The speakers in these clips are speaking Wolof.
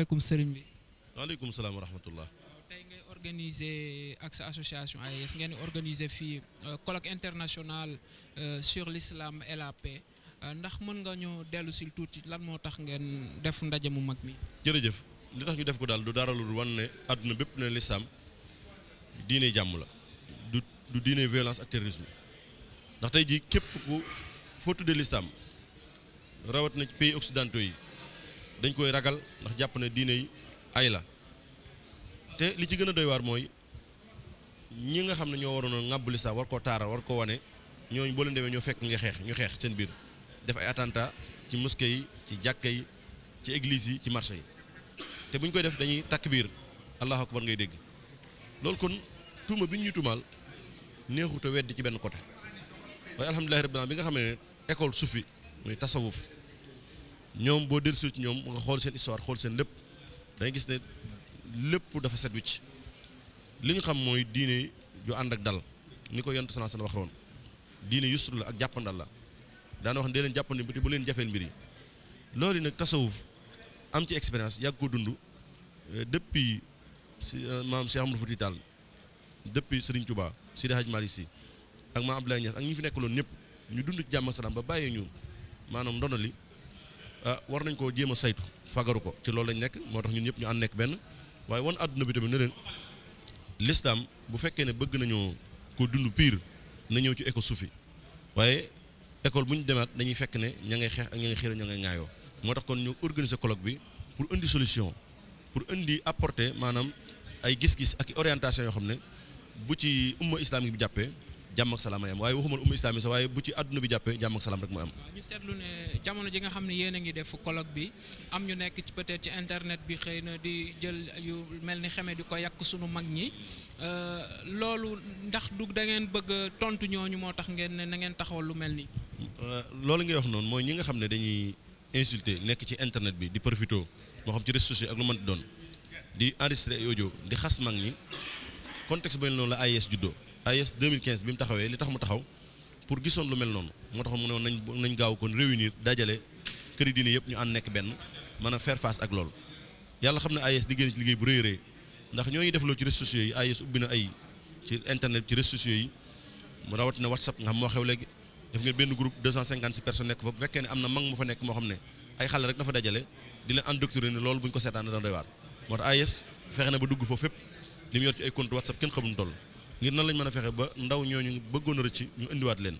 asalaamaaleykum sëriñ bi. waaleykum salaam wa rahmatullah. tey ngay organiser ak sa association AES ngeen di organiser fii euh, colloque international euh, sur l'islam et la euh, ndax mën nga ñoo dellu si tuuti lan moo tax ngeen def ndaje mu mag mi. jërëjëf li tax ñu def ko daal du dara lu wan àdduna bépp ne l'islam diine jàmm la du du diine violence ak terrorisme ndax tey ji képp ku foo tuddee l'islam rawat na ci pays occidentaux yi. dañ koy ragal ndax jàpp ne diine yi ay la te li ci gën a doy waar mooy ñi nga xam ne ñoo waroon a ŋàbb lislaam war koo taara war koo wane ñooñu boo leen demee ñoo fekk nga xeex ñu xeex seen biir def ay attanta ci mosquée yi ci jàkka yi ci église yi ci marché yi te bu ñu koy def dañuy takk biir allahu akbar ngay dégg loolu kon tuuma bi ñu tuumaal neexut a ci benn côté waaye alhamdulilahi rabbil bi nga xam ne école sufi muy tasawuf ñoom boo dellusi ci ñoom nga xool seen histoire xool seen lépp da ngay gis ne lépp dafa set wicc li ñu xam mooy diine ju ànd ak dal ni ko yontu sana sana wax woon diine yusru la ak jàppandal la daana wax ne dee leen jàppandi bi bu leen jafeel mbir yi loolu nag tasawuf am ci expérience yàgg ko dund euh, depuis si euh, maam Cheikh Amadou Fouti Tall depuis Serigne Touba Sidi Hadj Malick Sy ak ma Abdoulaye Niass ak ñi fi nekkaloon ñëpp ñu dund ci jàmm salaam ba bàyyee ñu maanaam ndonali Euh, war nañ koo jéem a saytu fagaru ko ci loolu lañ nekk moo tax ñun ñëpp ñu ànd nekk benn waaye wan àdduna bi tamit ne leen lislaam bu fekkee ne bëgg nañoo ko dund piir na ñëw ci école suufi waaye école bu ñu demaat dañuy fekk ne ña ngay xeex ak ña ngay xiir ña ngay ŋaayoo moo tax kon ñu organiser colloque bi pour indi solution pour indi apporte maanaam ay gis-gis ak orientation yoo xam ne bu ci umma islamique bi jàppee jàmm ak salaam ay am waaye waxumal umma islami sax waaye bu ci àdduna bi jàppee jàmm ak salaam rek mooy am ñu ne jamono ji nga xam ne yéen a ngi def colloque bi am ñu nekk ci peut-être ci internet bi xëy na di jël yu mel ni xeme di ko yàkk sunu mag ñi euh, loolu ndax du da ngeen bëgg tontu ñooñu moo tax ngeen ne na ngeen taxawal lu mel nii euh, loolu ngay wax noonu mooy ñi nga xam ne dañuy insulté nekk ci internet bi di profito moo xam ci réseaux sociaux ak lu mënti doon di enregistré audio di xas mag ñi contexte bu mel noonu la AIS e juddoo AIS e 2015 bi mu taxawee li tax mu taxaw pour gisoon lu mel noonu moo tax mu ne woon nañ gaaw kon réunir dajale këri diine yëpp ñu ànd nekk benn mën a faire face ak loolu yàlla xam ne AIS e di génn ci liggéey bu rëy rëy ndax ñooñu defloo ci réseaux sociaux yi AIS ubbi na ay ci internet ci réseaux sociaux yi mu rawatina WhatsApp nga xam moo xew léegi def ngeen benn groupe 256 personnes nekk fa bu fekkee ne am na mag mu fa nekk moo xam ne ay xale rek na fa dajale di leen endoctriner loolu bu ñu ba dugg foofu fépp li mu yor ci ay compte whatsapp kenn xamul toll ngir nan lañ mën a fexe ba ndaw ñooñu bëggoon a rëcc ñu indiwaat leen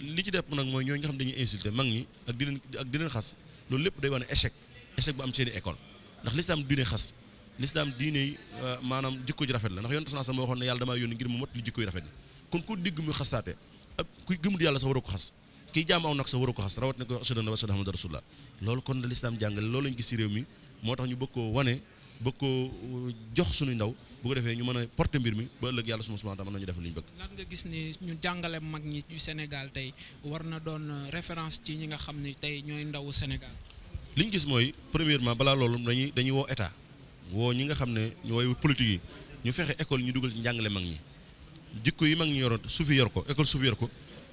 li ci def nag mooy ñooñu nga xam dañuy insulté mag ñi ak di xas loolu lépp day wane échec échec bu am seeni école ndax lislaam diine xas lislaam diine euh, maanaam jikko ji rafet la ndax yonent sa moo waxoon ne yàlla damaa yónni ngir mu mot li jikko yi rafet kon ku digg mu xasaate ak ku gëmut yàlla sa waroo xas kii jaam aw nag sa waroo la ilaha illallah rasulullah loolu kon bëgg ko euh, jox suñu ndaw boo ko defee ñu mën a porter mbir mi ba ëllëg yàlla suma subhanahu wa ta'ala mën nañu def li ñu bëgg. lan nga gis ni ñu jàngale mag ñi yu Sénégal tey war na doon euh, référence ci ñi nga xam ne tey ñooy ndawu Sénégal. li ñu gis mooy premièrement balaa loolu dañuy dañuy woo état woo ñi nga xam ne ñooy politique yi ñu fexe école ñu dugal ci njàngale mag ñi jikko yi mag ñi yoroon suufi yor ko école suufi yor ko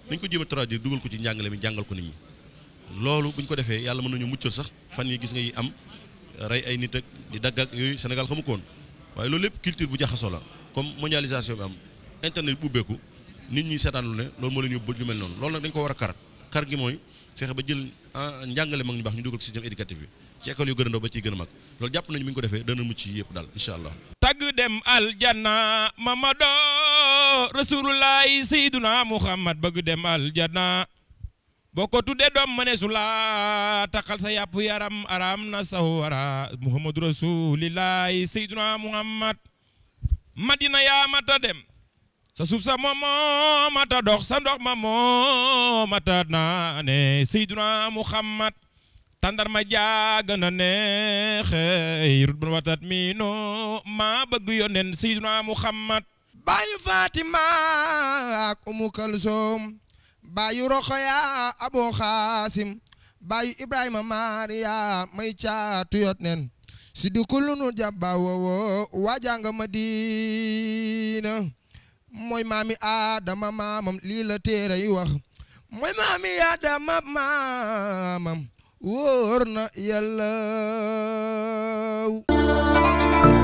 dañ ko jéem a traduire dugal ko ci njàngale mi jàngal ko nit ñi loolu bu ñu ko defee yàlla mën nañu muccal sax rey ay nit ak di dagg yooyu Sénégal xamu waaye loolu lépp culture bu jaxasoo la comme mondialisation bi am internet bu ubbeeku nit ñi seetaan lu loolu moo leen yóbbu mel noonu loolu nag dañ ko war a karat kar gi mooy fexe ba jël ah, njàngale mag ñu baax ñu dugal système éducatif bi ci yu gën a ndaw ba ciy gën a mag loolu jàpp nañu mi ngi ko defee dana mucc yëpp daal incha allah. tagg dem aljanna mamado rasulullahi sayyiduna muhammad bëgg dem boko ko dom mané sulla takal sa yap yaram aram na sawara muhammad rasulillah sayyiduna muhammad madina ya mata dem sa suuf sa moom mata dox sa dox ma mata sayyiduna muhammad tandar ma jaaga na neexe rut ba watat mi yonen sayyiduna muhammad Bayu fatima ak umu kalsoom baayu roxoya abu xaasim baayu ibrahima maariya may caatu nen si nu jàbba wowo waajanga madina mooy maami aadama maamam lii la téere yi wax mooy maami aadama maamam wóor